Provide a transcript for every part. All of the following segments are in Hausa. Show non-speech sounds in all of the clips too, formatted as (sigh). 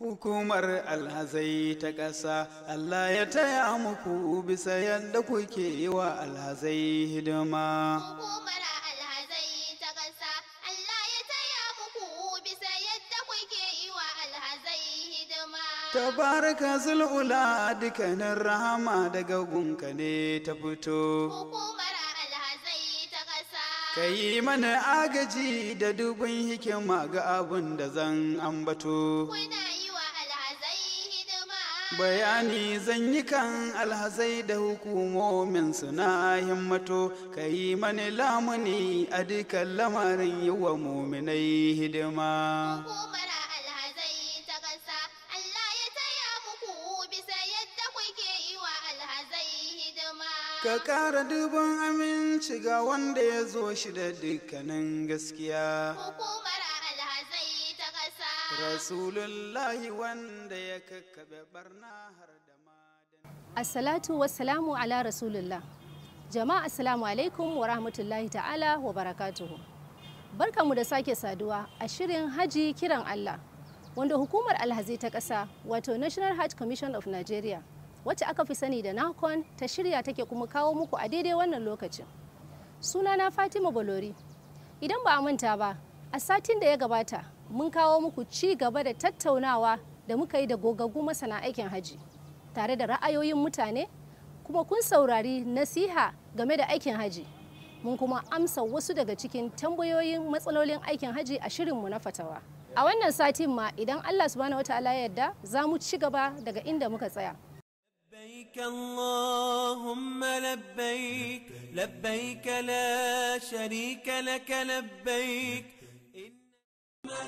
Hukumar alhazai ta ƙasa Allah ya taya muku bisa yadda kuke yi wa alhazai hidima. Hukumar alhazai ta ƙasa Allah ya taya muku bisa yadda kuke yi alhazai hidima. Tabaraka zul'ula dukkanin rahama daga gunka ne ta fito. Hukumar alhazai ta ƙasa. Ka yi mana agaji da dubin hikima ga abin da zan ambato. bayani zan yi kan alhazai da hukumomin suna himmato ka yi mani lamuni a dukkan lamarin yi wa muminai hidima alhazai ƙasa allah ya taya muku yadda kuke yi alhazai hidima ka kara dubin aminci ga wanda ya zo shi da dukkanin gaskiya rasulullahi wanda ya barna har da assalatu wassalamu ala rasulullah jama'a assalamu alaikum wa rahmatullahi ta'ala wa barakatuhu Barkanmu da sake saduwa a shirin haji kiran allah wanda hukumar Alhazi ta ƙasa wato national hajj commission of nigeria wacce aka fi sani da nakon ta shirya take kuma kawo muku a daidai wannan lokacin sunana fatima bolori idan ba a manta ba a satin da ya gabata mun kawo muku ci gaba da tattaunawa da muka yi da gogaggu masana aikin haji tare da ra'ayoyin mutane kuma kun saurari nasiha game da aikin haji mun kuma amsa wasu daga cikin tambayoyin matsalolin aikin haji a shirinmu na fatawa a wannan satin ma idan allah subhanahu wataala ya yarda za mu ci gaba daga inda muka tsaya لبيك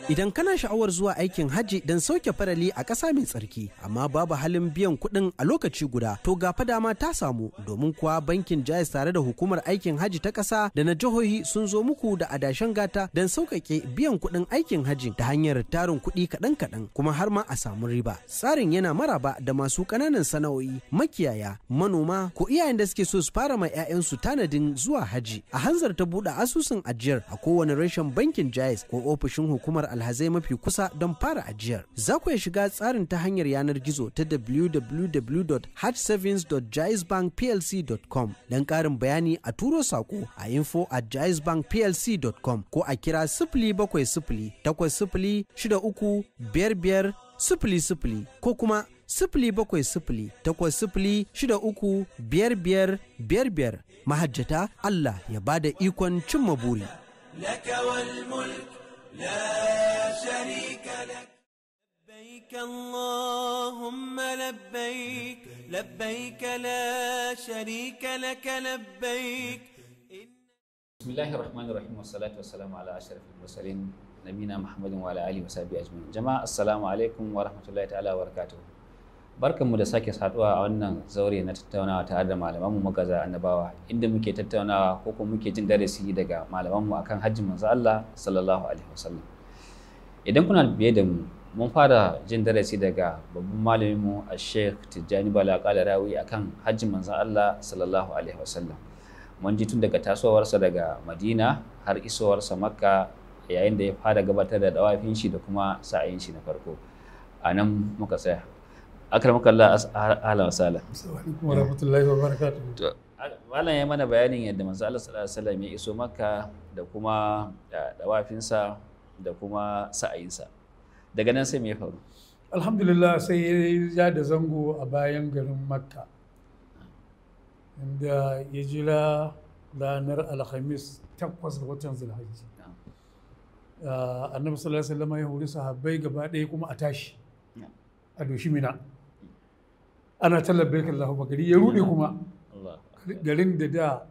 Idan kana sha'awar zuwa aikin haji don sauke farali a ƙasa mai tsarki, amma babu halin biyan kuɗin a lokaci guda, to ga dama ta samu domin kuwa bankin Jais tare da hukumar aikin haji ta ƙasa da na jihohi sun zo muku da adashen gata don sauƙaƙe biyan kuɗin aikin hajji ta hanyar tarin kuɗi kaɗan-kaɗan kuma har ma a samu riba. Tsarin yana maraba da masu ƙananan sana'o'i, makiyaya, manoma ko iyayen da suke so su fara ma 'ya'yansu tanadin zuwa haji A hanzarta buɗe asusun ajiyar a kowane rashin bankin Jais ko ofishin hukumar hukumar alhazai mafi kusa don fara ajiyar. Za ku iya shiga tsarin ta hanyar yanar gizo ta www.hajsavings.jaisbankplc.com don ƙarin bayani a turo saƙo a info at jaisbankplc.com ko a kira sifili bakwai sifili takwas sifili shida uku biyar biyar sifili sifili ko kuma sifili bakwai sifili takwas sifili shida uku biyar biyar biyar biyar mahajjata Allah ya bada ikon cimma buri. لا شريك لك لبيك اللهم لبيك لبيك لا شريك لك لبيك بسم الله الرحمن الرحيم والصلاة والسلام على أشرف المرسلين نبينا محمد وعلى آله وصحبه أجمعين جماعة السلام عليكم ورحمة الله تعالى وبركاته barkanmu da sake saduwa a wannan zaure na tattaunawa tare da malamanmu magaza annabawa inda muke tattaunawa ko kuma muke jin darasi daga malamanmu akan hajji manzo Allah sallallahu alaihi wasallam idan kuna biye da mu mun fara jin darasi daga babban malaminmu a sheikh tijjani bala kala rawi akan hajji manzo Allah sallallahu alaihi wasallam mun ji tun daga tasowarsa daga madina har isowarsa makka yayin da ya fara gabatar da dawafin shi da kuma sa'ayin shi na farko a nan muka tsaya akramaka Allah ahlan wa sahlan assalamu warahmatullahi wabarakatuh malam ya mana bayanin yadda manzo Allah sallallahu alaihi wasallam ya iso makka da kuma dawafinsa da kuma sa'ayinsa daga nan sai me ya faru alhamdulillah sai ya da zango a bayan garin makka inda ya jira ranar alhamis takwas ga watan zulhajji ah, annabi sallallahu alaihi wasallam ya hori sahabbai gaba ɗaya kuma a tashi a doshi mina ana tallabe ka gari ya rude kuma garin da da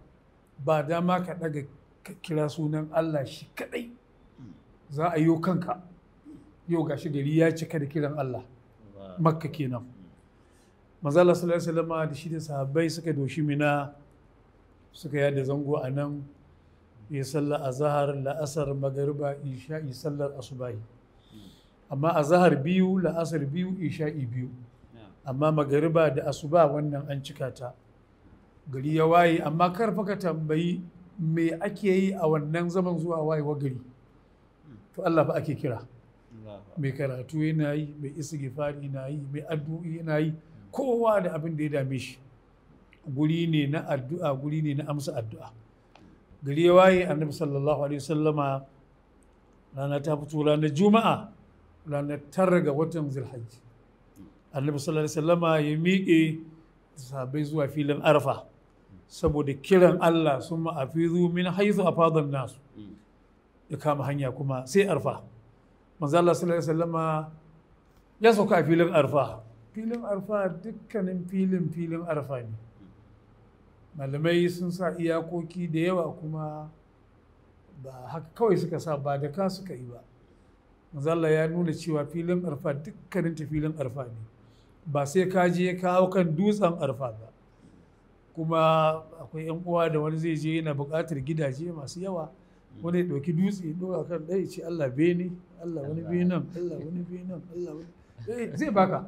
ba dama ka daga ka kira sunan Allah shi kadai za a yi kanka yau gashi gari ya cika da kiran Allah makka kenan manzo sallallahu alaihi wasallam da shi da sahabbai suka doshi mina suka yada zango a nan ya sallar azahar la'asar magariba isha'i sallar asubahi amma azahar biyu la'asar biyu isha'i biyu amma magariba da asuba wannan an cika ta gari ya waye amma karfa ka tambayi me ake yi a wannan zaman zuwa wayewa gari to Allah fa ake kira mai karatu yana yi mai isigifari yana yi mai addu'i yana yi kowa da abin da ya dame shi guri ne na addu'a guri ne na amsa addu'a gari ya waye annabi sallallahu alaihi wasallama rana ta fito ranar juma'a ranar tara ga watan zulhijja annabi sallallahu alaihi wasallama ya miƙe sabai zuwa filin arfa saboda kiran Allah sun ma'afizu min haizu a fadon nasu ya kama hanya kuma sai arfa manzo Allah sallallahu alaihi wasallama ya sauka a filin arfa filin arfa dukkanin filin filin arfa ne malamai sun sa iyakoki da yawa kuma ba haka kawai suka sa ba da ka suka yi ba manzo Allah ya nuna cewa filin arfa dukkanin filin arfa ne ba sai ka je ka hau kan dutsen arfa ba kuma akwai yan uwa da wani zai je yana buƙatar gidaje masu yawa wani ya ɗauki dutse ɗora kan ɗaya ce Allah beni Allah wani benin Allah wani benin Allah wani eh, zai baka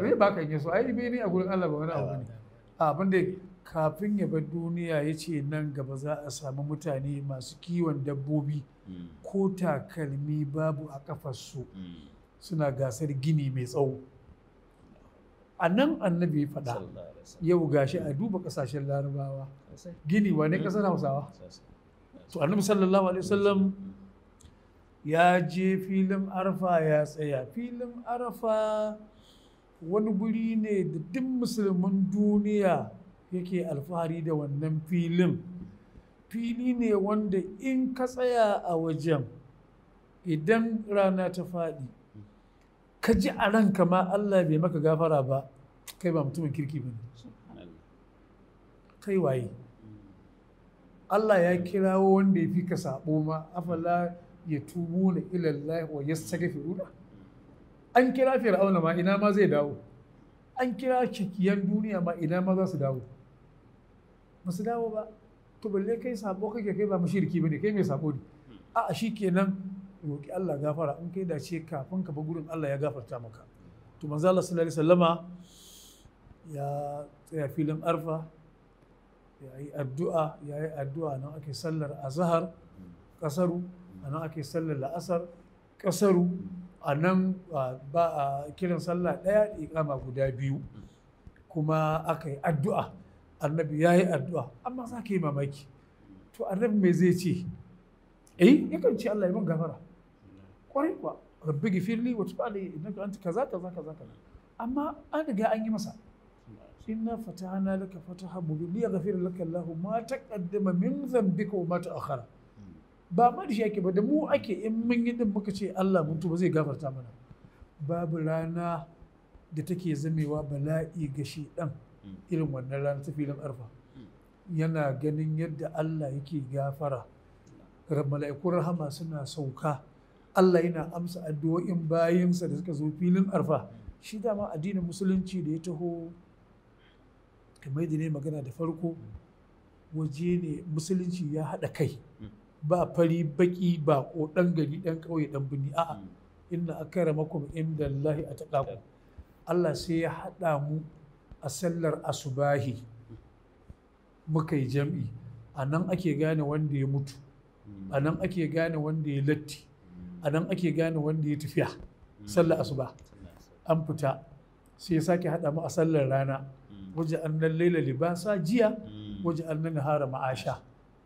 zai baka in a yi beni a gurin Allah ba wani abu ne abin da kafin ya bar duniya ya ce nan gaba za a samu mutane masu kiwon dabbobi hmm. ko takalmi babu a kafarsu hmm. suna gasar gini mai tsawo a nan annabi ya faɗa yau gashi a duba ƙasashen larabawa gini wane ƙasar hausawa to annabi sallallahu alaihi wasallam ya je filin arfa ya tsaya filin arfa wani guri ne da duk musulmin duniya yake alfahari da wannan filin fili ne wanda in ka tsaya a wajen idan rana ta faɗi ka ji a ranka ma Allah bai maka gafara ba kai ba mutumin kirki ba ne kai waye Allah ya kirawo wanda ya fi ka sabo ma afala ya tubu na ilallah wa ya firuna an kira fir'auna ma ina ma zai dawo an kira cikiyan duniya ma ina ma za su dawo ba su dawo ba to balle kai sabo kake kai ba mushriki bane kai mai sabo ne a'a shikenan roƙi Allah gafara in kai dace kafin ka bi gurin Allah ya gafarta maka to manzo Allah sallallahu alaihi wasallama ya tsaya filin arfa ya yi addu'a ya yi addu'a nan ake sallar azhar kasaru nan ake sallar la'asar kasaru a nan ba a kiran sallah ɗaya iqama guda biyu kuma aka yi addu'a annabi ya yi addu'a amma za ka yi mamaki to annabi me zai ce eh yakan ce Allah ya man gafara kwarai kuwa rabbi gifirli wa tubali innaka anta kaza kaza kaza kaza amma an riga an yi masa inna fatahna laka fataha mubin li yaghfir laka Allah ma taqaddama min dhanbika wa ma ta'akhkhara ba ma da shi ake ba da mu ake in mun yi din muka ce Allah mun tuba zai gafarta mana babu rana da take zamewa bala'i ga shi dan irin wannan rana ta filin arfa yana ganin yadda Allah yake gafara mala'ikun rahama suna sauka Allah yana amsa addu'o'in bayansa da suka zo filin arfa shi dama addinin musulunci da ya taho kamar da ne magana da farko waje ne musulunci ya haɗa kai ba fari baƙi ba ko ɗan gari ɗan ƙauye ɗan birni a'a inna akramakum inda Allahi a taƙaƙu Allah sai ya haɗa mu a sallar asubahi muka yi jam'i a nan ake gane wanda ya mutu a nan ake gane wanda ya latti a nan ake gane wanda ya tafiya sallar hmm. asuba an fita sai ya sake haɗa mu a sallar rana hmm. waje an nan laila libasa jiya hmm. waje an nan hara ma'asha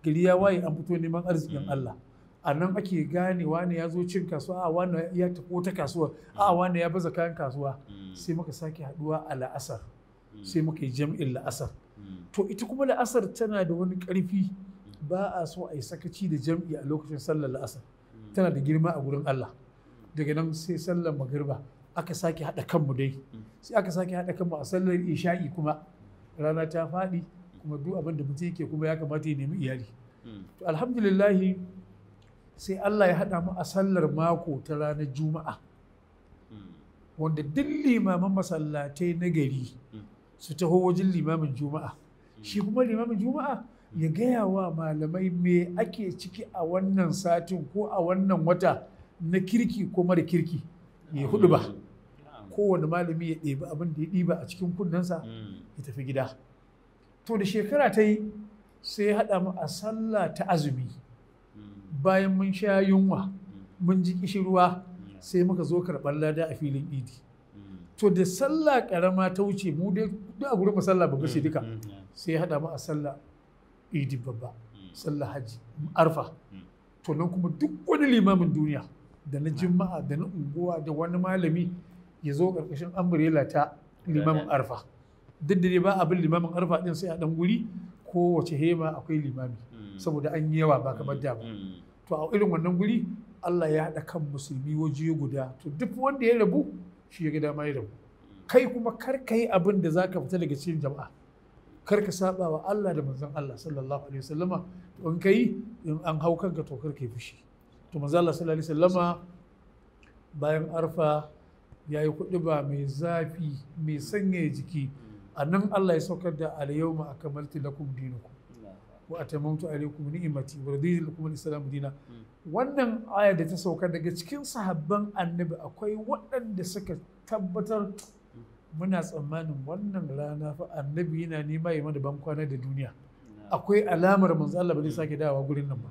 gari ya waye an fito neman arzikin Allah a nan ake gane wani ya zo cin kasuwa a wani ya tafi wata kasuwar a wani ya baza kayan kasuwa sai muka sake haɗuwa a la'asar sai muka yi jam'in la'asar to ita kuma la'asar tana da wani karfi ba a so a yi sakaci da jam'i a lokacin sallar la'asar tana da girma a gurin Allah daga nan sai sallar magarba aka sake haɗa kanmu dai sai aka sake haɗa kanmu a sallar isha'i kuma rana ta faɗi kuma duk abin da mutum yake kuma ya kamata ya nemi iyali to alhamdulillahi sai Allah ya haɗa mu a sallar mako ta ranar juma'a wanda duk limaman masallatai na gari su taho wajen limamin juma'a shi kuma limamin juma'a ya gaya wa malamai me ake ciki a wannan satin ko a wannan wata na kirki ko mara kirki ya hudu ba kowane malami ya ɗebi abin da ya ɗiba a cikin kunnensa ya tafi gida to da shekara ta yi sai ya haɗa mu a sallah ta azumi bayan mun sha yunwa mun ji kishirwa sai muka zo karɓar lada a filin idi to da sallah ƙarama ta wuce mu dai duk a gurin sallah ba shi duka sai ya haɗa mu a sallah idi babba hmm. sallah haji arfa hmm. to nan kuma duk wani limamin duniya da na jima'a da na unguwa da wani malami ya zo ƙarƙashin ambrela ta limamin arfa duk da ba abin limamin arfa din sai a dan guri ko wace hema akwai limami hmm. saboda an yi yawa ba kamar da ba to a irin wannan guri Allah ya haɗa kan musulmi waje guda to duk wanda ya rabu shi ya ga dama ya rabu kai kuma kar ka yi abin da zaka fita daga cikin jama'a kar ka saba wa Allah da manzon Allah sallallahu alaihi wasallama to in kai in an hau kanka to kar ka fushi to manzon Allah sallallahu alaihi wasallama bayan arfa ya yi kuɗi ba mai zafi mai sanyaya jiki a nan Allah ya saukar da alyawma akamaltu lakum dinukum wa atamamtu alaykum ni'mati wa raditu lakum al-islam dina wannan aya da ta sauka daga cikin sahabban annabi akwai waɗanda suka tabbatar muna tsammanin wannan rana fa annabi yana nema ya mana ban kwana da duniya akwai alamar manzo Allah ba zai sake dawowa gurin nan ba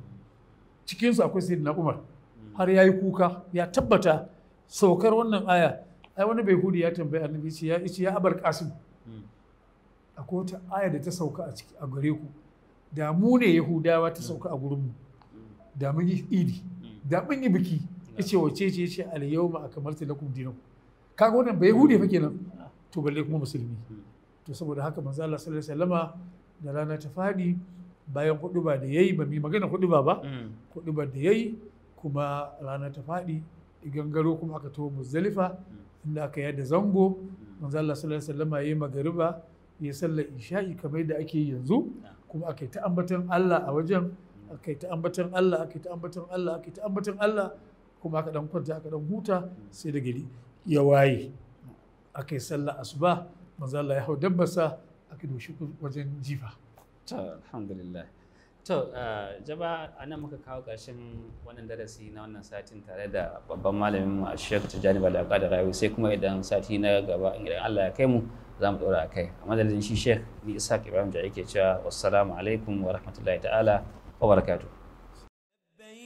cikin su akwai sayyidina Umar mm. har yayi kuka ya tabbata saukar wannan aya ai wani bai hudi ya tambayi annabi ce ya ice ya abar kasim mm. akwai wata aya da ta sauka a ciki a gare ku da mu ne yahudawa ta mm. sauka a gurin mu da mun yi idi da mun yi biki yace wace ce yace al yawma akmaltu lakum dinakum kaga wannan bai hudi fa kenan to balle kuma musulmi to saboda haka manzo Allah sallallahu alaihi wasallama da rana ta fadi bayan huduba da yayi ba mi magana huduba ba mm. huduba da yayi kuma rana ta fadi garo kuma aka to muzdalifa mm. inda aka yada zango mm. manzo Allah sallallahu alaihi wasallama yayi magariba ya sallar isha'i kamar yadda ake yanzu kuma aka yi ta ambaton Allah a wajen aka yi ta ambaton Allah aka yi ta ambaton Allah aka yi ta ambaton Allah kuma aka dan kwanta aka dan huta sai da gari ya waye aka yi sallah asuba manzo Allah ya hau dabbasa aka doshi wajen jifa to alhamdulillah to uh, jaba anan muka kawo karshen wannan darasi na wannan satin tare da babban malamin mu Sheikh Tijani Balaka da Rawi sai kuma idan sati na gaba idan Allah ya kai mu za mu ɗora a kai a madadin shi Sheikh ni Isa Ibrahim da yake cewa assalamu alaikum wa rahmatullahi ta'ala wa barakatuh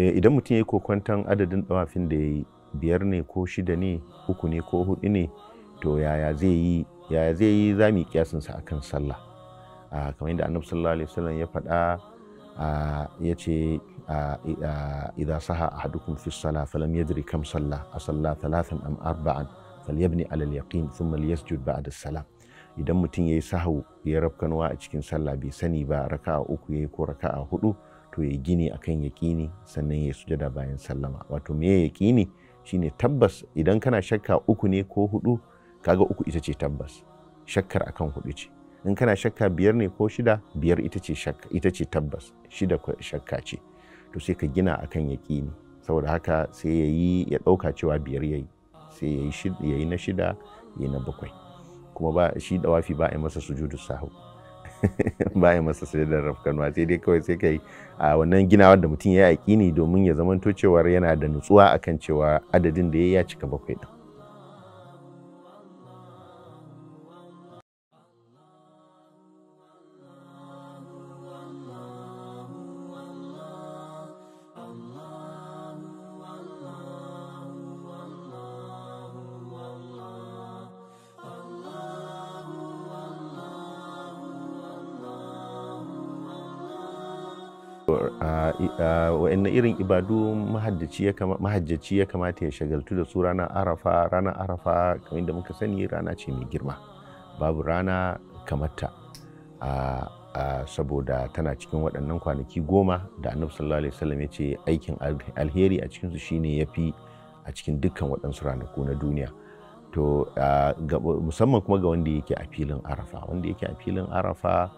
Eh, idan mutum ya yi adadin dawafin da ya yi biyar ne ko shida ne uku ne ko hudu ne to yaya zai yi yaya zai yi za mu kiyasin sa akan sallah kamar yadda annabi sallallahu alaihi wasallam ya faɗa ya ce idza saha ahadukum fi salah falam yadri kam salla a salla thalathan am arba'an falyabni ala al-yaqin thumma liyasjud ba'da salam idan mutum yayi sahu ya rafkanwa a cikin sallah bai sani ba raka'a uku yayi ko raka'a hudu to ya gini akan yakini, sannan ya sujada bayan sallama wato me yakini shine tabbas idan kana shakka uku ne ko hudu kaga uku ita ce tabbas shakkar akan hudu ce in kana shakka biyar ne ko shida biyar ita ce shakka ita ce tabbas shida shakka ce to sai ka gina akan yaƙini saboda haka sai ya ya ɗauka cewa biyar yayi sai ya yi na shida ya yi na bakwai kuma ba shi dawafi ba a yi masa sujudu sahu bayan masa sai da rafkanuwa sai dai kawai sai kai a wannan ginawar da mutum ya yaƙini domin ya zamanto cewar yana da nutsuwa akan cewa adadin da ya yi ya cika bakwai ɗin wani irin ibadu mahajjaci ya kamata ya shagaltu da su ranar arafa ranar arafa kamar da muka sani rana ce mai girma babu rana kamata saboda tana cikin waɗannan kwanaki goma da annabi sallallahu alaihi wasallam ya ce aikin alheri a cikinsu shine ya fi a cikin dukkan waɗansu ranaku na duniya to musamman kuma ga wanda yake a filin arafa wanda yake a filin arafa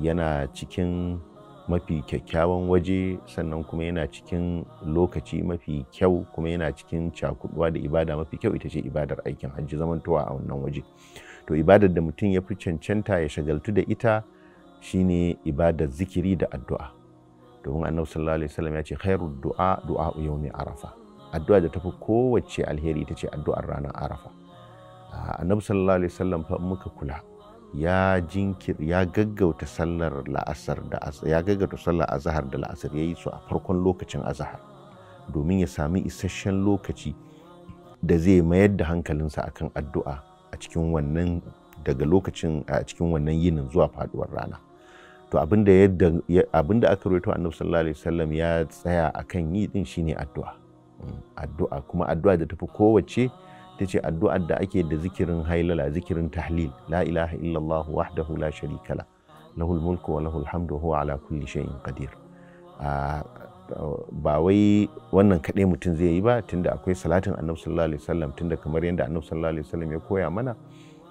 yana cikin mafi kyakkyawan waje sannan kuma yana cikin lokaci mafi kyau kuma yana cikin cakuduwa da ibada mafi kyau ita ce ibadar aikin hajji zamantowa a wannan waje to ibadar da mutum ya fi cancanta ya shagaltu da ita shine ibadar zikiri da addu'a domin annabi sallallahu alaihi wasallam ya ce khairu du'a du'a yawmi arafa addu'a da tafi kowace alheri ita ce addu'ar ranar arafa annabi sallallahu alaihi wasallam fa muka kula ya jinkir ya gaggauta sallar la'asar da ya gaggauta sallar azahar da la'asar ya yi su a farkon lokacin azahar domin ya sami isasshen lokaci da zai mayar da hankalinsa akan addu'a a cikin wannan daga lokacin a cikin wannan yinin zuwa faduwar rana to abinda yadda abinda aka rawaito annabi sallallahu alaihi wasallam ya tsaya akan yi din shine addu'a mm, addu'a kuma addu'a da tafi kowace ta ce addu'ar da ake da zikirin hailala zikirin tahlil la ilaha illallah wahdahu la sharika la lahul mulku wa lahul hamdu huwa ala kulli shay'in qadir ba wai wannan kaɗai mutum zai yi ba tunda akwai salatin annabi sallallahu alaihi wasallam tunda kamar yadda annabi sallallahu alaihi wasallam ya koya mana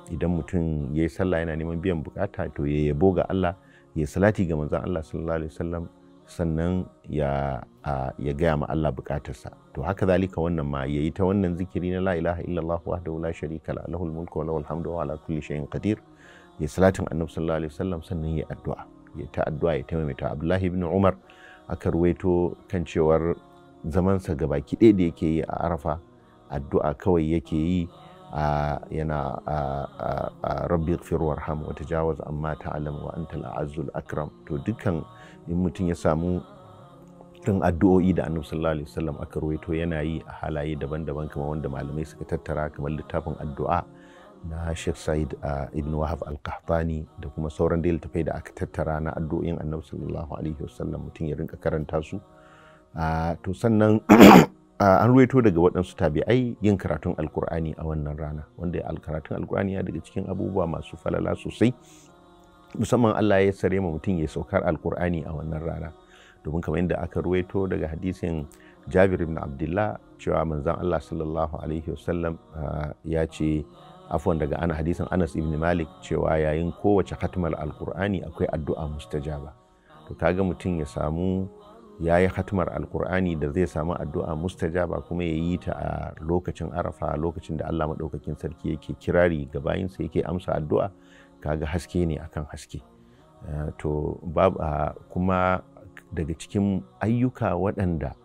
idan mutum ya yi sallah yana neman biyan bukata to ya yabo ga Allah ya salati ga manzon Allah sallallahu alaihi wasallam sannan ya ya gaya ma Allah bukatarsa to haka zalika wannan ma yayi ta wannan zikiri na la ilaha illallah wahdahu la sharika la lahul mulku wa lahul hamdu wa ala kulli shay'in qadir ya salatin annabi sallallahu alaihi wasallam sannan ya addu'a ya ta addu'a ya ta maimaita Abdullahi ibn Umar aka ruwaito kan cewar zamansa gabaki ɗaya da yake yi a Arafa addu'a kawai yake yi yana rabbi ighfir warham wa tajawaz amma ta'lam wa antal a'azzul akram to dukkan in mutum ya samu irin addu'o'i da annabi sallallahu alaihi wasallam aka rawaito yana yi a halaye daban-daban kamar wanda malamai suka tattara kamar littafin addu'a na Sheikh Said ibn Wahab al-Qahtani da kuma sauran da littafai da aka tattara na addu'o'in annabi sallallahu alaihi wasallam mutum ya rinka karanta su to sannan (clears throat) an ruwaito daga waɗansu tabi'ai yin karatun alkur'ani a wannan rana wanda karatun alkur'ani ya daga cikin abubuwa masu falala sosai musamman Allah ya sare ma mutum ya saukar alkur'ani a wannan rana domin kamar yadda aka ruwaito daga hadisin Jabir ibn Abdullah cewa manzan Allah sallallahu alaihi wasallam ah, ya ce afwan daga ana hadisin Anas ibn Malik cewa yayin kowace khatmar alkur'ani akwai addu'a mustajaba to kaga mutum ya samu ya yi hatmar alkur'ani da zai samu addu'a mustajaba kuma ya yi ta a lokacin arafa lokacin da allah maɗaukakin sarki yake kirari ga bayinsa yake amsa addu'a kaga haske ne akan haske eh, to kuma daga cikin ayyuka waɗanda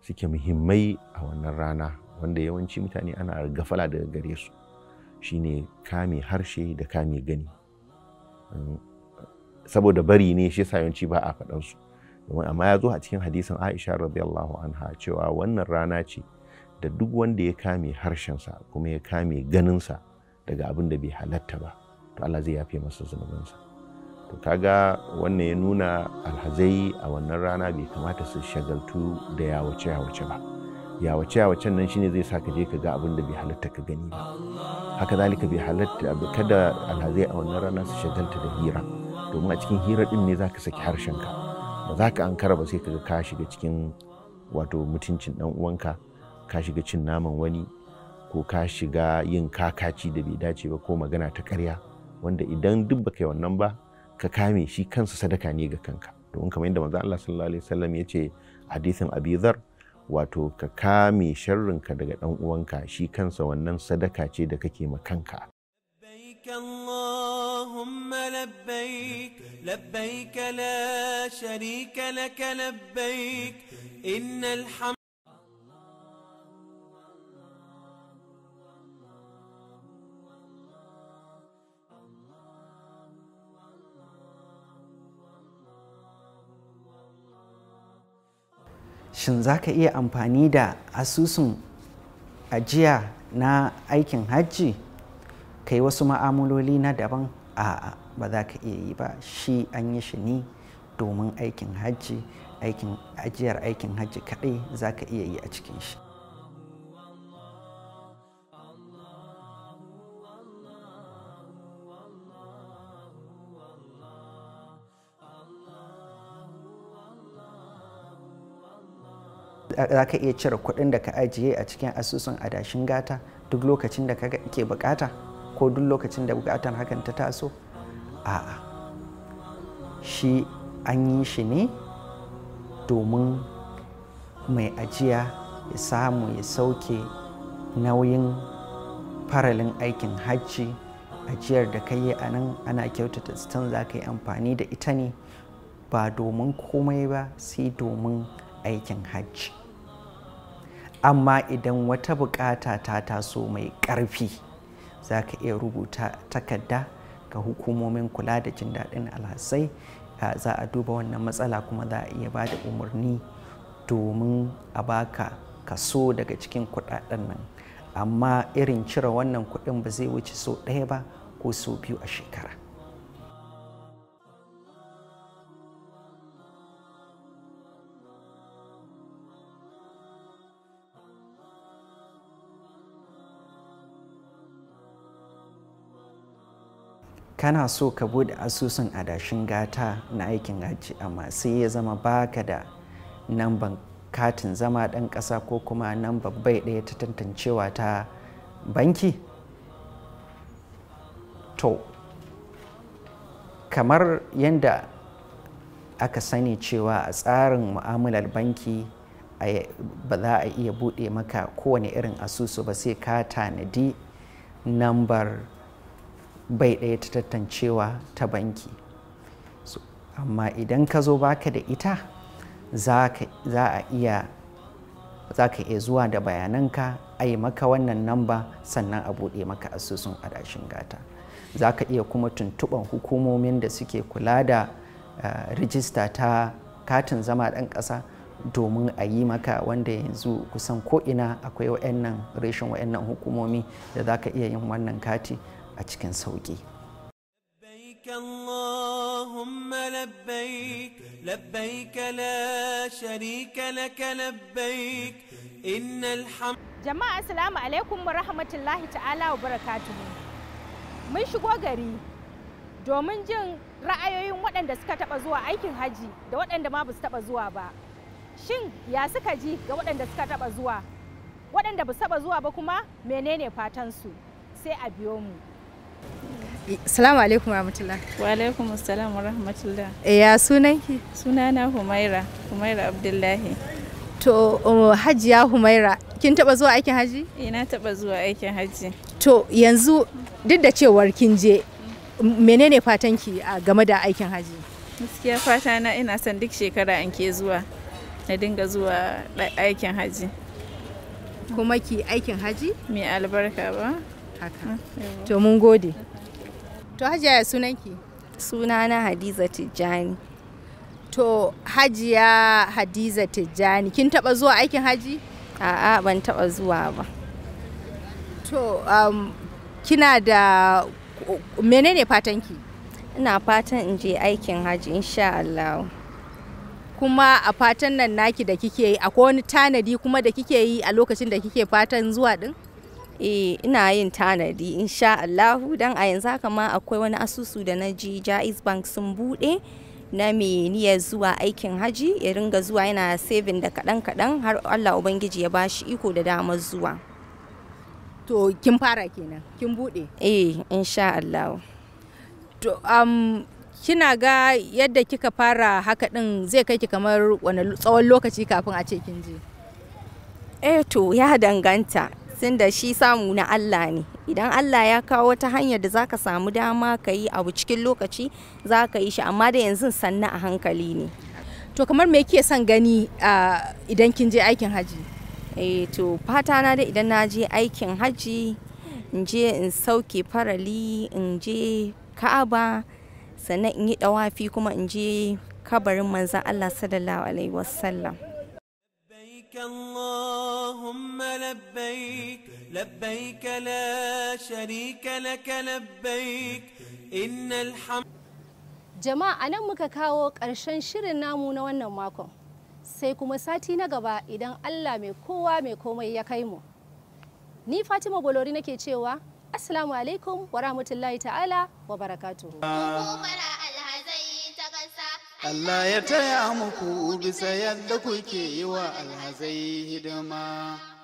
suke muhimmai a wannan rana wanda yawanci mutane ana gafala daga gare su shine kame harshe da kame gani mm, saboda bari ne shi yawanci ba a su. amma ya zo a cikin hadisin aisha radiyallahu anha cewa wannan rana ce da duk wanda ya kame harshensa kuma ya kame ganinsa daga abin da bai halatta ba to Allah zai yafe masa zunubinsa to kaga wannan ya nuna alhazai a wannan rana bai kamata su shagaltu da yawace yawace ba yawace yawacen nan shine zai sa ka je ka ga abin da bai halatta ka gani ba haka zalika bai halatta kada alhazai a wannan rana su shagalta da hira domin a cikin hira din ne zaka saki harshenka ba za ka ankara ba sai ka ka shiga cikin wato mutuncin dan uwanka ka shiga cin naman wani ko ka shiga yin kakaci da bai dace ba ko magana ta karya wanda idan duk baka yi wannan ba ka kame shi kansa sadaka ne ga kanka domin kamar yadda manzo Allah sallallahu alaihi wasallam ya ce hadisin Abi wato ka kame sharrinka daga dan uwanka shi kansa wannan sadaka ce da kake ma kanka اللهم لبيك لبيك لا شريك لك لبيك إن الحمد shin za ka iya amfani da asusun ajiya na aikin hajji ka yi wasu ma'amuloli na daban a'a ba za ka iya yi ba shi an yi shi ni domin aikin hajji ajiyar aikin hajji kaɗai za ka iya yi a cikin shi za ka iya cire kuɗin da ka ajiye a cikin asusun adashin gata duk lokacin da ke bukata ko duk lokacin da bukatar hakan ta taso a'a shi an yi shi ne domin mai ajiya ya samu ya sauke nauyin faralin aikin hajji ajiyar da ka yi a nan ana kyautata stan za ka yi amfani da ita ne ba domin komai ba sai domin aikin hajji amma idan wata bukata ta taso mai karfi za ka iya rubuta takarda ga hukumomin kula da jin daɗin alhassai za a duba wannan matsala kuma za a iya ba da umarni domin a baka kaso daga cikin kudaden nan amma irin cire wannan kuɗin ba zai wuce so ɗaya ba ko so biyu a shekara kana so ka bude asusun adashin gata na aikin hajji amma sai ya zama baka da namban katin zama ɗan ƙasa ko kuma nan babbai ɗaya ta tantancewa ta banki to kamar yadda aka sani cewa a tsarin mu'amalar banki ba za a iya buɗe maka kowane irin asusu ba sai ka tanadi nambar bai ɗaya ta tantancewa ta banki amma idan ka zo baka da ita za a iya za ka iya zuwa da bayananka a yi maka wannan namba sannan a buɗe maka asusun adashin gata za ka iya kuma tuntuɓan hukumomin da suke kula da eh, rijista ta katin zama ɗan ƙasa domin a yi maka wanda yanzu kusan ko'ina akwai wa'annan reshen wa'annan hukumomi da za ka iya yin wannan kati a cikin sauƙi. اللهم لبيك لبيك لا شريك لك لبيك إن mun shigo gari domin jin ra'ayoyin waɗanda suka taɓa zuwa aikin haji da waɗanda ma ba su taɓa zuwa ba shin ya suka ji ga waɗanda suka taɓa zuwa waɗanda ba su taɓa zuwa ba kuma menene fatan su sai a biyo mu Salamu alaikum rahmatullah. Wa alaikum assalam wa rahmatullah. Eh, ya sunanki? Sunana Humaira, Humaira Abdullahi. To um, Hajiya Humaira, kin taba zuwa aikin haji? Ina eh, taba zuwa aikin haji. To yanzu duk da cewar kin je menene fatanki a game da aikin haji? Gaskiya fata na ina son duk shekara an ke zuwa na dinga zuwa aikin haji. Kuma ki aikin haji? Mai albarka ba. haka mm, to mun gode to hajiya ya sunanki sunana hadiza tijjani to hajiya hadiza tijjani kin taba zuwa aikin haji a'a ban taba zuwa ba to um, kina da menene fatanki ina fatan in je aikin haji insha Allah kuma a fatan nan naki da kike yi akwai wani tanadi kuma da kike yi a lokacin da kike fatan zuwa din Eh, ina yin tanadi insha Allahu dan a yanzu haka ma akwai wani asusu da na ji Jaiz Bank sun bude na mai niyyar zuwa aikin haji ya ringa zuwa yana saving da kadan kadan har Allah ubangiji ya ba shi iko da damar zuwa to kin fara kenan kin bude eh insha Allah to um kina ga yadda kika fara haka din zai kai ki kamar wani tsawon lokaci kafin a ce kin je eh to ya danganta da shi samu na Allah ne idan Allah ya kawo wata hanyar da zaka samu dama ka yi abu cikin lokaci zaka yi shi amma da yanzu sannu a hankali ne to kamar me ke son gani idan kin je aikin haji eh to fata na da idan na je aikin haji in je in sauke farali in je ka'aba sannan in yi dawafi kuma in je kabarin manzon Allah sallallahu alaihi wasallam اللهم لبيك jama'a nan muka kawo ƙarshen shirin namu na wannan makon sai kuma sati na gaba idan allah mai kowa mai komai ya kaimu ni fatima bolori nake cewa assalamu alaikum wa rahmatullahi ta'ala wa barakatu. Allah ya taya muku bisa yadda kuke yi wa alhazai hidima.